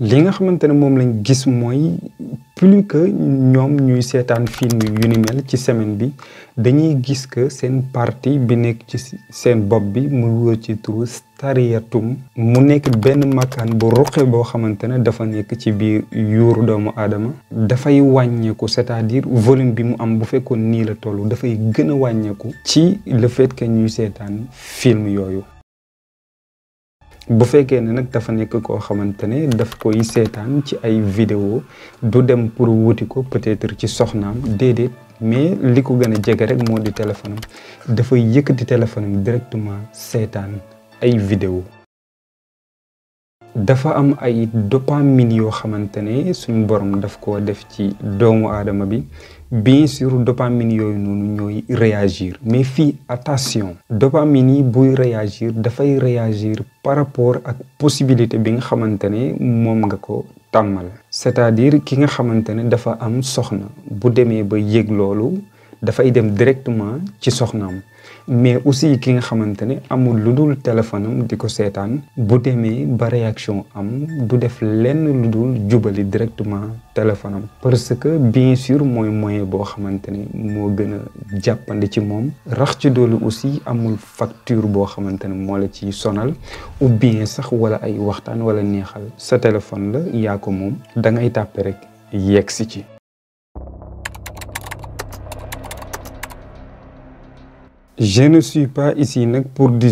li nga xamante ne moom lañ gis mooy plus que ñoom ñuy seetaan film yu ni mel ci semaine bi dañuy gis que seen parti bi nekk ci seen bopp bi muy wër ci turu stariatum mu nekk benn makkaan bu ruqe boo xamante ne dafa nekk ci biir yuuru doomu aadama dafay wàññeeku c'est-à-dire volume bi mu am bu fekkoon nii la tollu dafay gën a wàññeeku ci le fait que ñuy seetaan film yooyu bu fekkee ne nag dafa nekk koo xamante ne daf koy seetaan ci ay vidéo du dem pour wuti ko peut-être ci soxnaam déedéet mais li ko gën a jege rek moo di téléphone am dafay yëkkati téléphone am directement seetaan ay vidéo dafa am ay dopamine yoo xamante ne suñ borom daf ko def ci doomu aadama bi bien sûr dopamine yooyu noonu ñooy réagir mais fii attention dopamine yi buy réagir dafay réagir par rapport ak possibilité bi nga xamante ne moom nga ko c'est-à-dire ki nga xamante dafa am soxna bu demee ba yëg loolu dafay dem directement ci soxnaam mais aussi ki nga xamante ne amul lu dul téléphone am di ko seetaan bu demee ba réaction am du def lenn lu dul jubali directement téléphone am parce que bien sur mooy moyen boo xamante ne moo gën a jàppandi ci moom rax ci doolu aussi amul facture boo xamante ne moo la ci sonal ou bien sax wala ay waxtaan wala neexal sa téléphone la yaa ko moom da ngay tàppe rek yegg si ci je ne suis pas ici pour des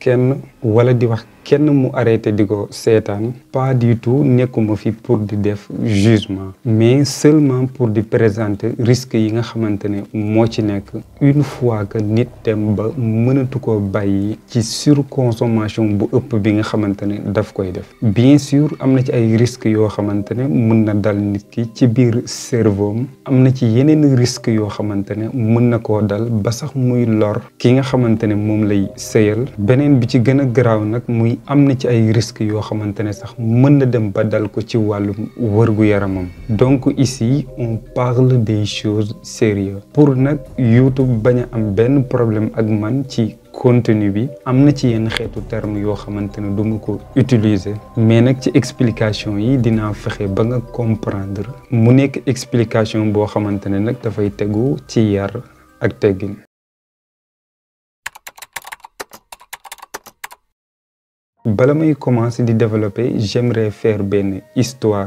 kenn wala di wax kenn mu arrêté di ko seetaan pas du tout nekkuma fi pour di def jugement mais seulement pour di présenter risque yi nga xamante ne moo ci nekk une fois que nit dem ba mënatu ko bàyyi ci surconsommation bu ëpp bi nga xamante ne daf koy def bien sûr am na ci ay risque yoo xamante ne mën na dal nit ki ci biir cerveau am na ci yeneen risque yoo xamante ne mën na koo dal ba sax muy lor ki nga xamante ne moom lay sëyal beneen beneen bi ci gën a garaaw nag muy am na ci ay risques yoo xamante ne sax mën na dem ba dal ko ci wàllum wërgu yaramam donc ici on parle des choses sérieuses pour nag YouTube bañ a am benn problème ak man ci continue bi am na ci yenn xeetu terme yoo xamante ne duma ko utiliser mais nag ci explication yi dinaa fexe ba nga comprendre mu nekk explication boo xamante ne nag dafay tegu ci yar ak teggin bala may commencer di développer j'aimerais faire benn histoire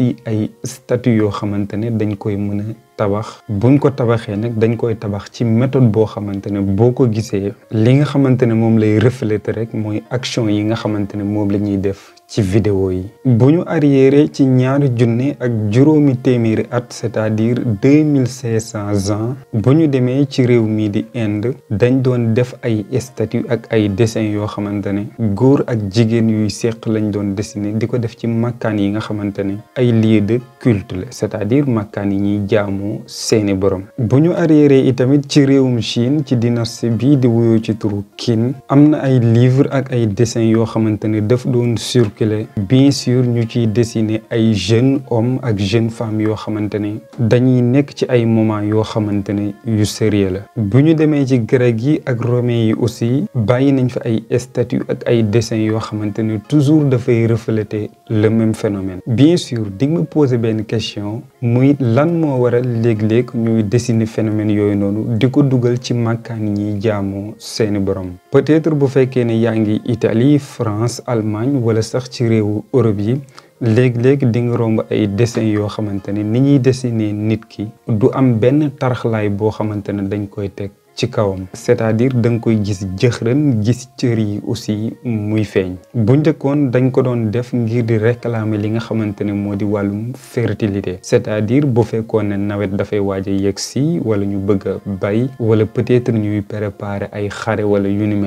ay statut yoo xamante ne dañ koy mën a tabax buñ ko tabaxee nag dañ koy tabax ci méthode boo xamante ne boo ko gisee li nga xamante ne moom lay refléter rek mooy action yi nga xamante ne moom la ñuy def ci vidéo yi bu ñu arriéré ci ñaari junne ak juróomi téeméeri at c'est-à-dire deux mille cinq cents bu ñu demee ci réew mi di Inde dañ doon def ay statues ak ay dessins yoo xamante ne góor ak jigéen yuy seq lañ doon dessiner di ko def ci makkaan yi nga xamante ne ay lieux de culte la c'est-à-dire makkaan yi ñuy jaamoo seeni borom bu ñu arriéré itamit ci réewum Chine ci dynastie bii di wuyoo ci turu kin am na ay livres ak ay dessins yoo xamante ne daf doon surk bousculer bien sûr ñu ciy dessiner ay jeunes hommes ak jeunes femmes yo xamantene dañuy nek ci ay moments yo xamantene yu sérieux la buñu démé ci grec yi ak romain yi aussi bàyyi nañ fa ay statues ak ay dessins yo xamantene toujours toujours fay refléter le même phénomène bien sûr dig me poser ben question muy lan mo waral lég lég ñuy dessiner phénomène yooyu nonu diko duggal ci màkkaan ñi jaamu seeni borom peut-être bu fekkee né yaangi Italie France Allemagne wala sax ci réewu Europe yi léegi-léegi di nga romb ay dessin yoo xamante ne ni ñuy dessiner nit ki du am benn taraxlaay boo xamante ne dañ koy teg ci kawam c'est-à-dire da nga koy gis jëxërën gis cër yi aussi muy feeñ bu njëkkoon dañ ko doon def ngir di réclamer li nga xamante ne moo di wàllum fertilité c'est-à-dire bu fekkoon ne nawet dafay waaj a yegg si wala ñu bëgg a bay wala peut-être ñuy préparer ay xare wala yu ni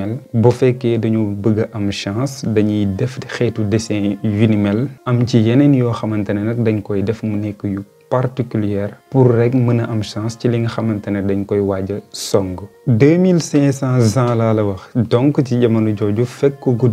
bu fekkee dañu bëgg a am chance dañuy def xeetu dessin yu ni am ci yeneen yoo xamante ne nag dañ koy def mu nekk yu particulière pour rek mën am chance ci li nga xamantene dañ koy waja song. 2500 ans laa la wax donc ci jamono joju fekk ko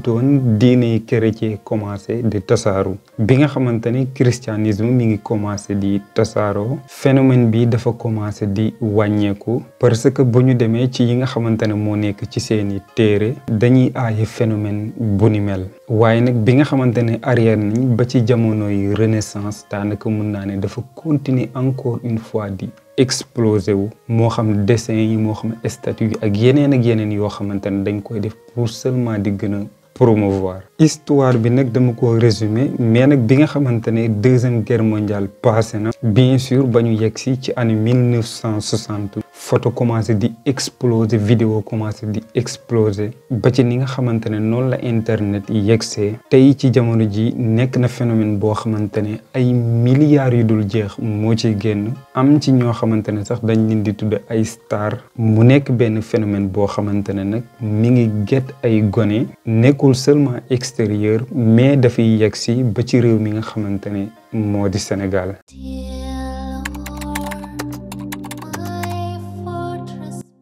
diine chrétien commencé di tasaaru bi nga xamantene christianisme mi ngi commencé di tasaaroo phénomène bi dafa commencé di wàññeeku parce que buñu démé ci yi nga xamantene mo nek ci seeni téere dañuy ay phénomène bu ni mel waaye nag bi nga xamantene ne arrière nañ ba ci jamono yi renaissance tanaka mën dafa continue encore une fois di exploser wu moo xam dessin yi moo xam statue ak yeneen ak yeneen yoo xamante ne dañ koy def pour seulement di gën a promouvoir histoire bi nag dama ko résumé mais nag bi nga xamante ne deuxième guerre mondiale passé na bien sûr ba ñu yegg si ci année mille neuf cent soixante photo commencé di exploser vidéo commencé di exploser ba ci ni nga xamante ne noonu la internet yegsee tey ci jamono ji nekk na phénomène boo xamante ne ay milliards yu dul jeex moo ciy génn am ci ñoo xamante ne sax dañ leen di tudd ay star mu nekk benn phénomène boo xamante ne nag mu ngi get ay gone nekkul seulement extérieur mais dafay yegg ba ci réew mi nga xamantene modi Sénégal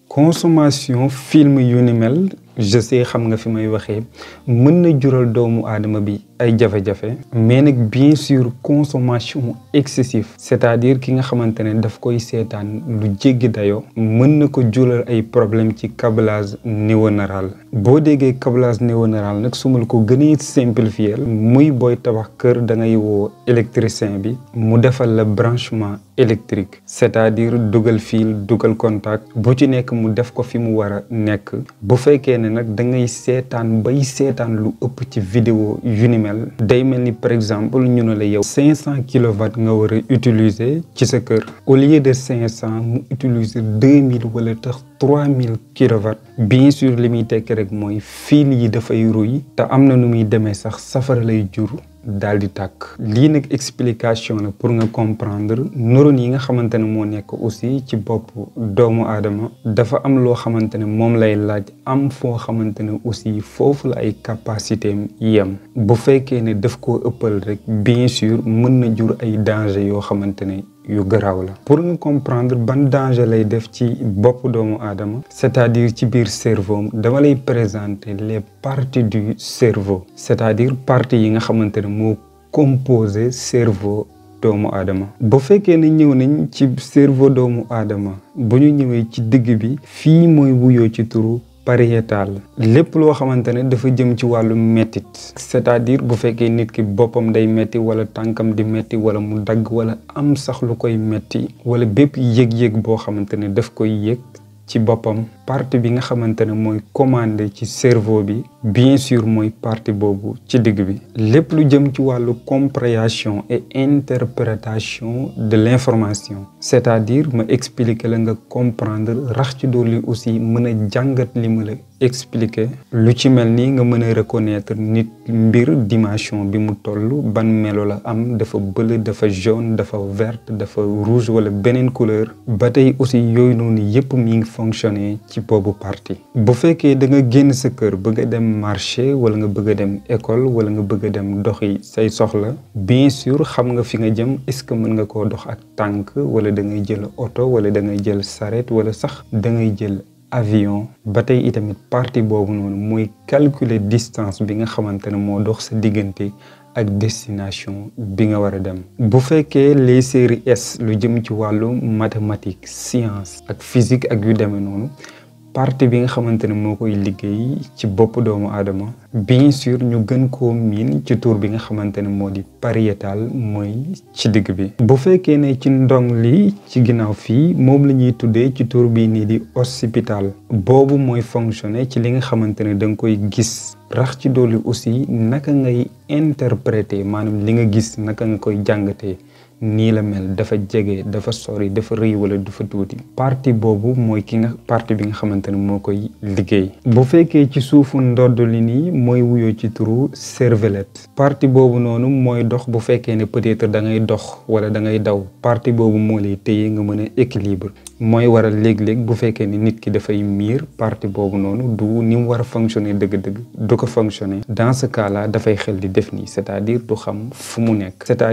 consommation film yu ni mel je sais xam nga fi may waxee mën na jural doomu adama bi ay jafé jafé mais nak bien sûr consommation excessive c'est-à-dire ki nga xamantene daf koy seetaan lu jéggi dayo mën na ko jural ay problème ci câblage neuronal bo déggee câblage neuronal nak sumul ko gënee simplifier muy boy tabax kër da ngay wo électricien bi mu défal la branchement électrique c'est-à-dire dougal fil dougal contact bu ci nekk mu def ko fi mu war a nekk bu fekkee que vous avez setan lu ëpp ci vidéo yu ni mel day melni par exemple ñu ne la yow 500 kW nga wara utiliser ci sa kër au lieu de 500 mu utiliser 2000 wala 3000 kW bien sûr limité rek moy fil yi da fay ta amna nu muy démé sax safara lay daal di tàkk. lii nag explication la pour nga comprendre neurones yi nga xamante ne moo nekk aussi ci bopp doomu aadama dafa am loo xamante ne moom lay laaj am foo xamante ne aussi foofu la ay capacité yam bu fekkee ne daf ko ëppal rek bien sûr mën na jur ay danger yoo xamante ne. yu la pour nous comprendre ban danger lay def ci bop doomu adama c'est-à-dire ci bir cerveau dama lay présenter les parties du cerveau c'est-à-dire partie yi nga xamantene mo moo composé cerveau doomu adama bu fekkee ne ñëw nañ ci cerveau doomu adama bu ñu ñëwee ci digg bi fii mooy wuyoo ci turu pariétal lépp loo xamante ne dafa jëm ci wàllu mettit c'est-à-dire bu fekkee nit ki boppam day metti wala tànkam di metti wala mu dagg wala am sax lu koy metti wala bépp yëg-yëg boo xamante ne daf koy yëg ci boppam partie bi nga xamante ne mooy commandé ci cerveau bi bien sûr moy partie bobu ci digg bi lepp lu jëm ci walu compréhension et interprétation de l'information c'est-à-dire me expliquer la nga comprendre rax ci li aussi meuna jangat li me expliquer lu ci mel ni nga meuna reconnaître nit mbir dimension bi mu tollu ban melo la am dafa bleu dafa jaune dafa verte dafa rouge wala benen couleur batay aussi yooyu noonu yépp mi ngi fonctionner ci bobu partie bu fekke da nga genn sa kër bëgg dem marché wala nga bëgg dem école wala nga bëgg dem doxi say soxla bien sûr xam nga fi nga jëm est-ce que mën nga ko dox ak tank wala da ngay jël auto wala da ngay jël saret wala sax da ngay jël avion ba tey itamit partie boobu noonu mooy calculer distance bi nga xamantene ne moo dox sa diggante ak destination bi nga war a dem bu fekkee les séries S lu jëm ci wàllu mathématiques science ak physique ak yu demee noonu partie bi nga xamante ne moo koy liggéey ci bopp doomu aadama bien sûr ñu gën koo miin ci tur bi nga xamante ne moo di pariétal mooy ci digg bi bu fekkee ne ci ndong li ci ginnaaw fii moom la ñuy tuddee ci tur bi nii di occipital boobu mooy fonctionner ci li nga xamante ne da nga koy gis rax ci dolli aussi naka ngay interpréter maanaam li nga gis naka nga koy jàngatee nii la mel dafa jege dafa sori dafa rëy wala dafa tuuti parti boobu mooy ki nga parti bi nga xamante ne moo koy liggéey bu fekkee ci suufu ndodd li nii mooy wuyoo ci turu cervelette parti boobu noonu mooy dox bu fekkee ne peut-être da ngay dox wala da ngay daw parti boobu moo lay téye nga mën a équilibre mooy waral léeg-léeg bu fekkee ne nit ki dafay miir parti boobu noonu du ni mu war a fonctionner dëgg-dëgg du ko fonctionner dans ce dafay xel di def nii c'est-à-dire du xam fu mu nekk cest à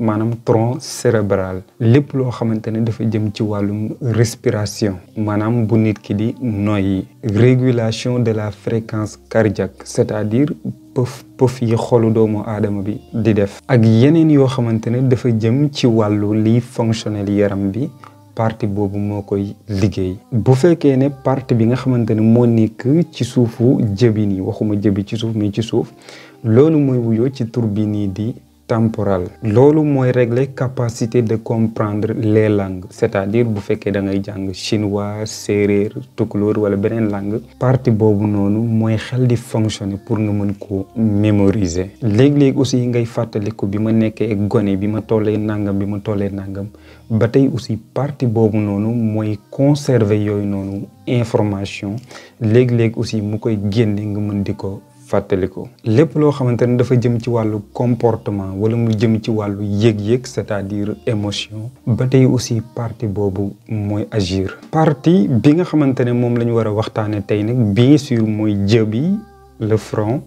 Manam tronc cérébral lepp lo xamantene de dafa jëm ci respiration manam bu nit ki di régulation de la fréquence cardiaque c'est-à-dire pëf pëf yi xolu doomu aadama bi di def ak yeneen yo xamantene dafa jëm ci walu li fonctionnel yaram bi Parti bobu mo koy liggéey bu fekkee ne parti bi nga xamantene jebini moo nekk ci suufu jëbi waxuma jëbi ci ci ci di temporale loolu moy régler capacité de comprendre les langues c'est-à-dire bu féké da ngay jang chinois séeréer tukulóor wala benen langue partie bobu noonu moy xel di fonctionner pour nous mën ko mémoriser Lég lég aussi ngay fàttaliku ko bima nekkee gone bi ma tollee nangam bima ma nangam Batay aussi partie bobu noonu moy conserver yoy noonu information Lég lég aussi mu koy génne nga mën diko le lépp loo xamante dafa comportement wala cest c'est-à-dire émotion ba aussi partie boobu mooy agir partie bi nga xamante ne la bien sûr le front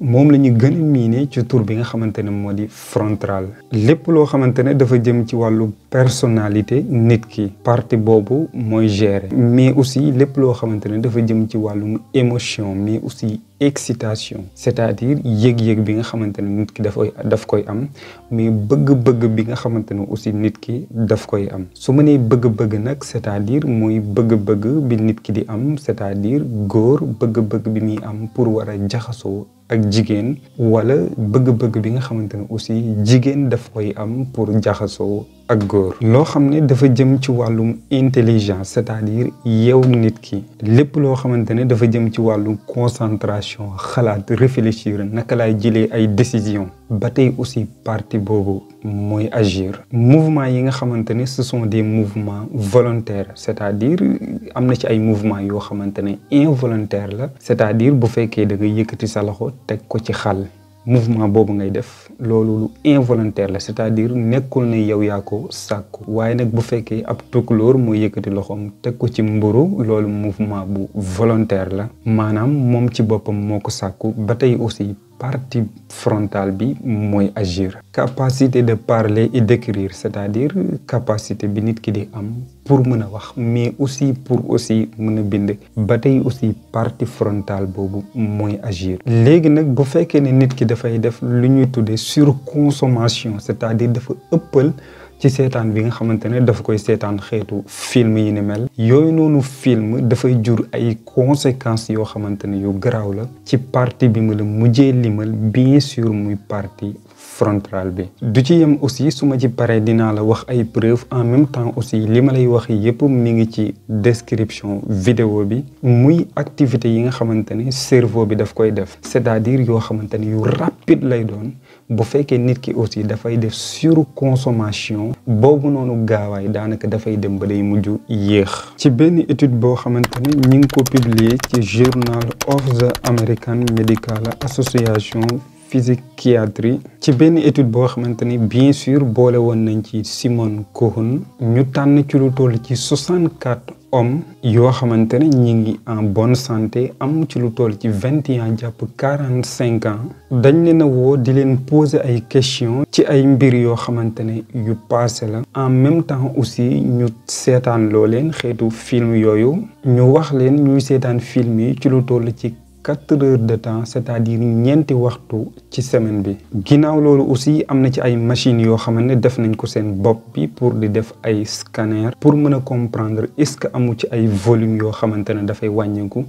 moom la ñu gën a ci tur bi nga xamante ne moo di frontal lépp loo xamante ne dafa jëm ci wàllu personnalité nit ki partie boobu mooy gérer mais aussi lépp loo xamante ne dafa jëm ci wàllum émotion mais aussi excitation c'est-à-dire yëg-yëg bi nga xamante ne nit ki daf koy daf koy am mais bëgg-bëgg bi nga xamante ne aussi nit ki daf koy am su ma nee bëgg-bëgg nag c'est-à-dire mooy bëgg-bëgg bi nit ki di am c'est-à-dire góor bëgg-bëgg bi muy am pour war a jaxasoo ak jigéen wala bëgg-bëgg bi nga xamante ne aussi jigéen daf koy am pour jaxasoo ak góor loo xam ne dafa jëm ci wàllum intelligence c'est-à-dire yow nit ki lépp loo xamante ne dafa jëm ci wàllum concentration xalaat réfléchir naka lay jëlee ay décision ba aussi parti boobu mooy agir mouvement yi nga xamante ne ce sont des mouvements volontaires c'est-à-dire am na ci ay mouvement yoo xamante ne involontaire la c'est-à-dire bu fekkee da nga yëkkati sa loxo teg ko ci xal mouvement boobu ngay def loolu lu involontaire la c'est-à-dire nekkul ne yow yaa ko sàkku waaye nag bu fekkee ab tukulóor moo yëkkati loxoom teg ko ci mburu loolu mouvement bu volontaire la maanaam moom ci boppam moo ko sàkku ba tey aussi partie frontale bi moy agir capacité de parler et d'écrire c'est-à-dire capacité bi nit pour mën mais aussi pour aussi bind aussi partie frontale bobu agir légui nak bu fekké ni nit ki def surconsommation c'est-à-dire ci seetaan bi nga xamante ne dafa koy seetaan xeetu film yi ni mel yooyu noonu film dafay jur ay conséquences yoo xamante ne yu garaaw la ci partie bi ma la mujjee limal bien sûr muy partie frontale bi du ci yem aussi su ma ci paree dinaa la wax ay preuves en même temps aussi li ma lay wax yëpp mu ngi ci description vidéo bi muy activité yi nga xamante ne cerveau bi daf koy def c'est-à-dire yoo xamante ne yu rapide lay doon bu fekkee nit ki aussi dafay def surconsommation boobu noonu gaawaay daanaka dafay dem ba day mujj yéex. ci benn étude boo xamante ne ñi ngi ko publier ci journal of the American Medical Association. psychiatrie ci benn étude boo xamante ni bien sûr boole woon nañ ci Simone Cohen ñu tànn ci lu toll ci 64 hommes yoo xamante ne ñi ngi en bonne santé am ci lu toll ci vingt ans jàpp ans dañ leen a woo di leen poser ay questions ci ay mbir yoo xamante ne yu passé la en même temps aussi ñu seetaan loo leen xeetu film yooyu ñu wax leen ñuy seetaan film yi ci lu toll ci 4 heures de temps c'est-à-dire ñenti waxtu ci semaine bi Ginaaw lolu aussi amna ci ay machine yo xam def nañ ko seen bop bi pour di def ay scanner pour mën comprendre est-ce que amu ci ay volume yo xamantene da fay wàññeeku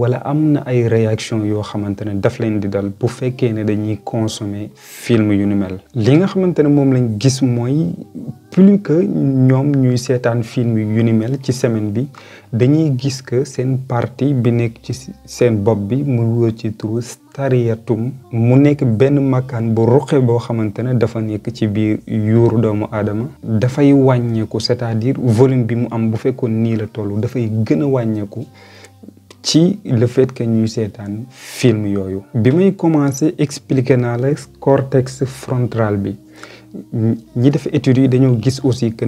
wala amna ay réaction yo xamantene daf leen di dal bu fekkee né dañuy consommer film yu ñu mel li nga xamantene mom lañ gis moy plus que ñom ñuy sétane film yu ñu mel ci semaine bi dañuy gis que seen parti bi nekk ci seen bopp bi muy wër ci turu Tariyatum mu nekk benn makkaan bu ruqe boo xamante ne dafa nekk ci biir yuuru doomu aadama dafay wàññeeku c'est-à-dire volume bi mu am bu fekkoon nii la toll dafay gën a wàññeeku ci le fait que ñuy seetaan film yooyu. bi may commencer expliquer naa la cortex frontal bi ñi def études dañoo gis aussi que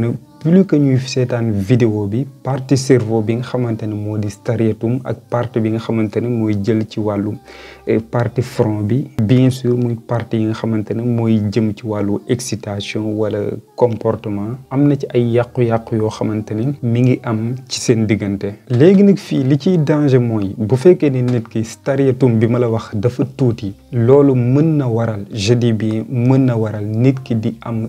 plus que ñuy seetaan vidéo bi partie cerveau bi nga xamante ne moo di striatum ak partie bi nga xamante ne mooy jël ci wàllu eh, partie front bi bien sûr muy partie yi nga xamante ne mooy jëm ci wàllu excitation wala comportement am na ci ay yàqu-yàqu yoo xamante ne mi ngi am ci seen diggante léegi nag fii li ciy danger mooy bu fekkee ne nit ki striatum bi ma la wax dafa tuuti loolu mën na waral je dis bien mën na waral nit ki di am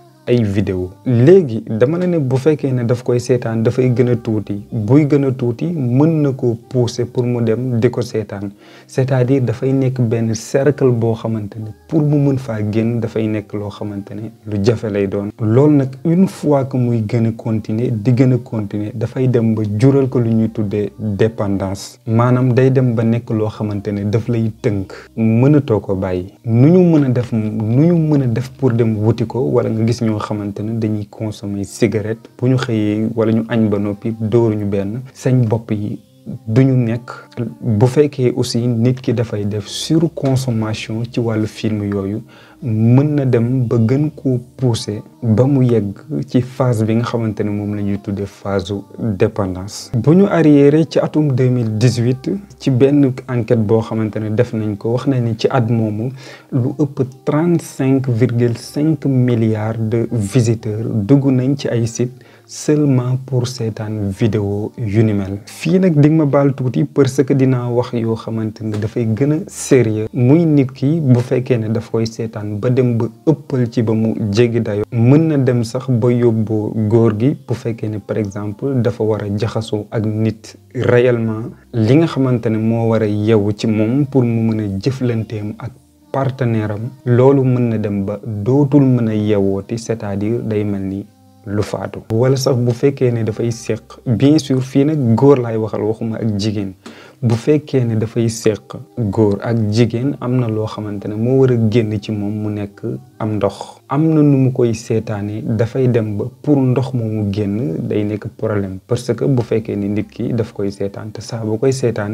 ay vidéo léegi dama ne ne bu fekkee ne daf koy seetaan dafay gën a tuuti buy gën a tuuti mën na ko pousser pour mu dem di ko seetaan cest à dafay nekk benn cercle boo xamante ne pour mu mën faa génn dafay nekk loo xamante ne lu jafe lay doon loolu nag une fois que muy gën a continuer di gën a continuer dafay dem ba jural ko lu ñuy tuddee dépendance maanaam day dem ba nekk loo xamante ne daf lay tënk mënatoo ko bàyyi nu ñu mën a def nu ñu pour dem wuti ko wala nga xamantene dañuy consommer cigarette bu ñu xëyee wala ñu añ ba noppi dóoruñu benn sañ bopp yi duñu nekk bu fekkee aussi nit ki dafay def surconsommation ci wàllu film yooyu mën na dem ba gën ko pousser ba mu yegg ci phase bi nga xamante ne moom la ñuy tuddee phase dépendance. bu ñu arriéré ci atum 2018 ci benn enquête boo xamante ne def nañ ko wax nañ ni ci at moomu lu ëpp 35 virgule 5 milliards de visiteurs dugg nañ ci ay sites. seulement pour seetaan vidéo yu fii nag di ma baal tuuti parce que dinaa wax yoo xamante ne dafay gën a sérieux muy nit ki bu fekkee ne daf koy seetaan ba dem ba ëppal ci ba mu jéggi dayo mën na dem sax ba yóbbu góor gi bu fekkee ne par exemple dafa war a jaxasoo ak nit réellement li nga xamante ne moo war a yeewu ci moom pour mu mën a jëflanteem ak partenaire am loolu mën na dem ba dootul mën a yeewooti cest à day mel nii lu faatu wala sax bu fekkee ne dafay seq bien sûr fii nag góor laay waxal waxuma ak jigéen bu fekkee ne dafay seq góor ak jigéen am na loo xamante ne moo war a génn ci moom mu nekk am ndox am na nu mu koy seetaanee dafay dem ba pour ndox moomu génn day nekk problème parce que bu fekkee ni nit ki daf koy seetaan te saa koy seetaan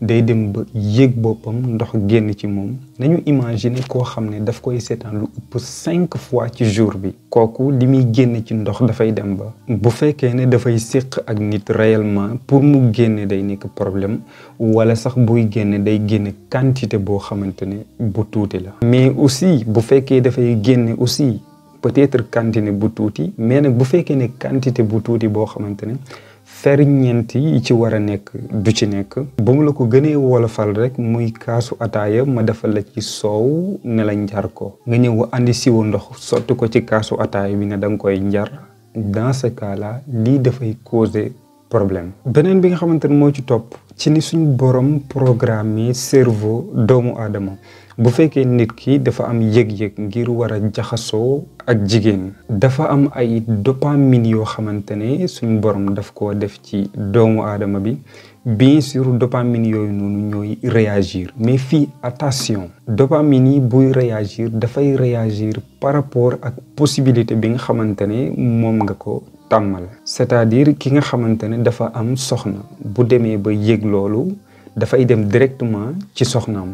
day dem ba yéeg boppam ndox génn ci moom nañu imaginer koo xam ne daf koy seetaan lu cinq fois ci jour bi kooku li muy génn ci ndox dafay dem ba bu fekkee ne dafay séq ak nit réellement pour mu génne day nekk problème wala sax buy génne day génne quantité boo xamante ne bu tuuti la mais aussi bu fekkee dafay génne aussi peut-être quantité bu tuuti mais nag bu fekkee ne quantité bu tuuti boo xamante ne ferñeent yi ci war a nekk du ci nekk. ba mu la ko gënee wolofal rek muy kaasu ataaya ma defal la ci soow ne la njar ko. nga ñëw andi siwo ndox sotti ko ci kaasu ataaya bi ne danga koy njar dans ce cas lii dafay causer problème. beneen bi nga xamante ne ci topp. ci ni suñ borom programme cerveau doomu aadama bu fekkee nit ki dafa am yëg-yëg ngir war a jaxasoo ak jigéen dafa am ay dopamine yoo xamante ne suñ borom daf ko def ci doomu aadama bi bien sûr dopamine yooyu noonu ñooy réagir mais fii attention dopamine yi buy réagir dafay réagir par rapport ak possibilité bi nga xamante ne moom nga ko tàmmal c'est-à-dire ki nga xamante ne dafa am soxna bu demee ba yëg loolu dafay dem directement ci soxnaam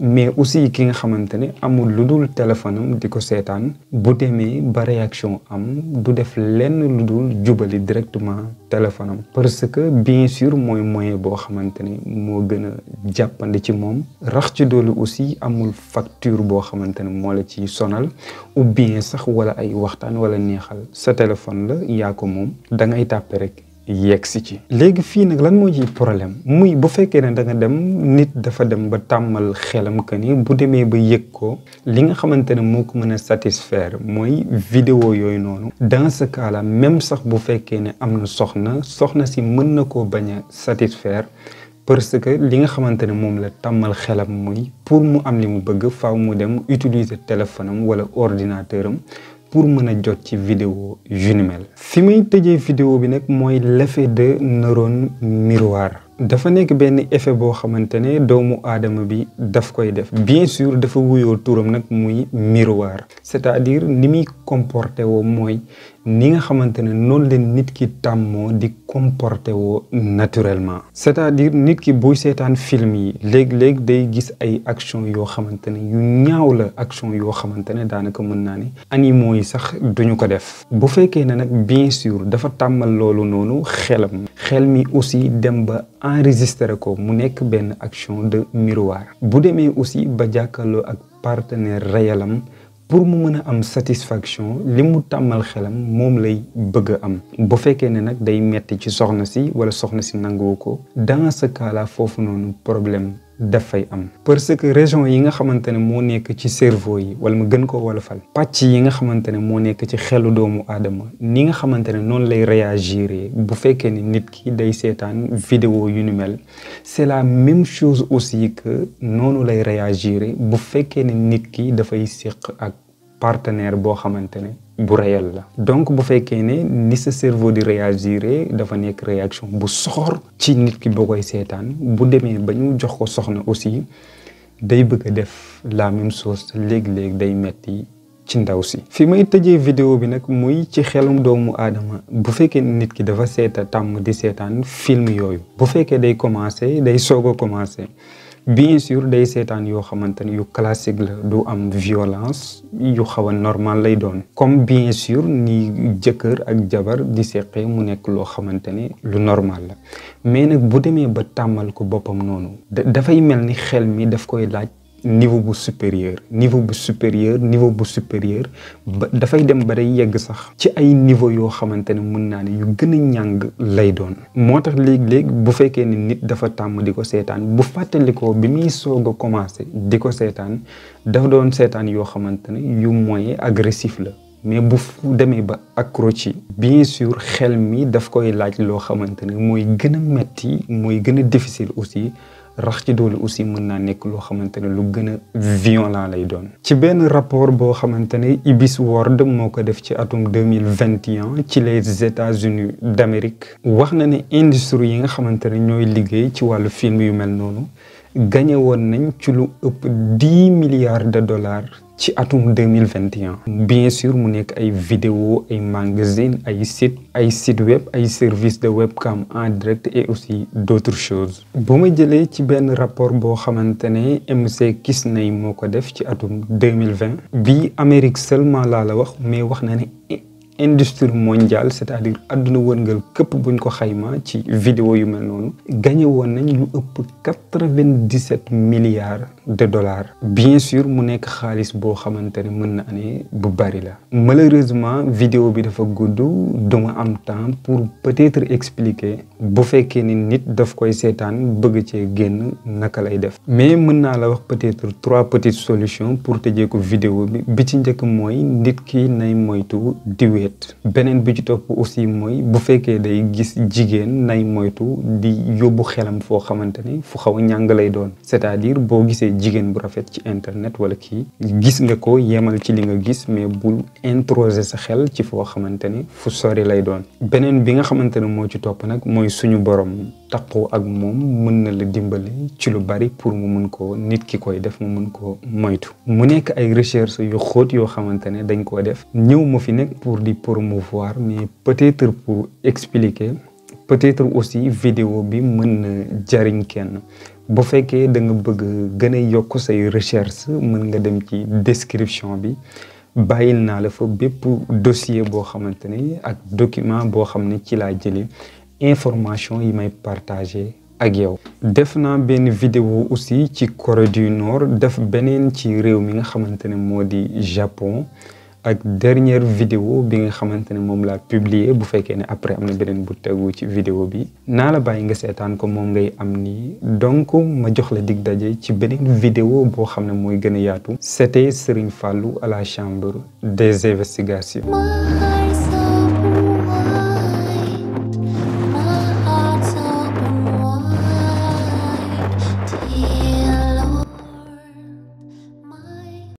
mais aussi ki nga xamante ne amul lu dul téléphone am di ko seetaan bu demee ba réaction am du def lenn lu dul jubali directement téléphone am parce que bien sur mooy moyen boo xamante ne moo gën a jàppandi ci moom rax ci doolu aussi amul facture boo xamante ne moo la ci sonal ou bien sax wala ay waxtaan wala neexal sa téléphone la yaa ko moom da ngay tàppe rek yegg si ci. léegi fii nag lan moo ji problème muy bu fekkee ne danga dem nit dafa dem ba tàmmal xelam que ni bu demee ba yëg ko li nga xamante ne moo ko mën a satisfaire mooy vidéo yooyu noonu. dans ce cas là même sax bu fekkee ne am na soxna soxna si mën na koo bañ a satisfaire. parce que li nga xamante ne moom la tàmmal xelam muy pour mu am li mu bëgg faw mu dem utiliser téléphone am wala ordinateur am pour mën a jot ci vidéo yu ni mel fi may tëjee vidéo bi nag mooy l'effet de neurone miroir dafa nekk benn effet boo xamante ne doomu aadama bi daf koy def bien sûr dafa wuyoo turam nag muy miroir c'est-à-dire ni muy comporté woo mooy ni nga xamante ne noonu leen nit ki tàmmoo di comporté woo naturellement c'est-à-dire nit ki buy seetaan film yi léeg-léeg day gis ay action yoo xamante ne yu ñaaw la action yoo xamante ne daanaka mën naa ne animaux yi sax duñu ko def bu fekkee ne nag bien sur dafa tàmmal loolu noonu xelam xel mi aussi dem ba enregistré ko mu nekk benn action de miroir bu demee aussi ba jàkkaarloo ak partenaire réelam pour mu mën am satisfaction li tamal xelam mom lay bëgg am bu fekkee ne nag day metti ci soxna si wala soxna si nangoo ko dans ce cas là fofu noonu problème def am parce que région yi nga xamante ne moo nekk ci cerveau yi wala mu gën ko wolofal pàcc yi nga xamante ne moo nekk ci xelu doomu aadama ni nga xamante ne noonu lay réagir bu fekkee ne nit ki day seetaan vidéo yu ni mel c'est la même chose aussi que noonu lay réagir bu fekkee ne nit ki dafay séq ak partenaire boo xamante ne bu réel la donc bu fekkee ne ni sa cerveau di réagir dafa nekk réaction bu soxor ci nit ki bokoy koy seetaan bu demee ba ñu jox ko soxna aussi day bëgg a def la même chose léeg-léeg day metti ci ndaw si fi may tëjee vidéo bi nag muy ci xelum doomu aadama bu fekkee nit ki dafa seeta tàmm di seetaan film yooyu bu fekkee day commencé day soog a commencé bien sur day seetaan yoo xamante ne yu classique la du am violence yu xaw a normal lay doon comme bien sûr ni jëkkër ak jabar di seqee mu nekk loo xamante ne lu normal la mais nag bu demee ba tàmmal ko boppam noonu dafay mel ni xel mi daf koy laaj niveau bu supérieur niveau bu supérieur niveau bu supérieur da fay dem ba day yegg sax ci ay niveau yo xamantene ne mën yu gëna ñang lay doon motax tax léegi bu fekkee ni nit dafa tam diko ko bu fateliko bi mi soog a commencé di doon yo xamantene yu moyen agressif la mais bu demee ba accro ci bien sûr xel mi daf koy laaj loo xamante ne mooy gën a metti mooy gën difficile aussi rax ci doolu aussi mën naa nekk loo xamante ne lu gën a violent lay doon. ci benn rapport boo xamante ne Ibis World moo ko def ci atum deux mille vingt et ci les États-Unis d'Amérique wax na ne industrie yi nga xamante ne ñooy liggéey ci wàllu film yu mel noonu gagné woon nañ ci lu ëpp dix milliards de dollars. ci 2021. bien sûr mu nek ay vidéo ay magazine ay site ay site web ay service de webcam en direct et aussi d'autres choses. Si ma jëlee ci ben rapport bo xamantene MC Kisney en ko def ci atum 2020. bi Amérique seulement la la wax mais wax na industrie mondiale c'est-à-dire aduna wërngal këpp buñ ko xayma ci vidéo yu mel gagné won nañ lu ëpp 97 milliards de dollars bien sûr mon nek xaalis bo xamantene na malheureusement vidéo bi dafa temps pour peut-être expliquer bu ni nit daf koy def mais mën na la peut-être trois petites solutions pour dire que vidéo bi bi ci nit ki nay moytu de benen bi ci aussi moy bu qui day gis jigen, nay moytu di c'est-à-dire jigéen bu rafet ci internet wala kii gis nga ko yemal ci li nga gis mais bu introsé sa xel ci foo xamante ni fu sori lay doon beneen bi nga xamante ne moo ci topp nag mooy suñu borom taqoo ak moom mën na la dimbale ci lu bari pour mu mun koo nit ki koy def mu mun koo moytu mu nekk ay recherche yu xóot yoo xamante ne dañ koo def ñëw ma fi nekk pour di promouvoir mais peut-être pour expliquer peut-être aussi vidéo bi mën na jariñ kenn bu fekkee da nga bëgg gën a yokk say recherche mën nga dem ci description bi bàyyil naa la fa bépp dossier boo xamante ne ak document boo xam ci laa jëlee information yi may partager ak yow. def naa benn vidéo aussi ci Corée du Nord def benen ci réew mi nga xamante ne Japon la dernière vidéo bi nga xamantene mom la après amna benen bu ci vidéo bi na la bay nga sétane ko mom ngay donc ma jox la vidéo c'était Serigne Fallou à la chambre des investigations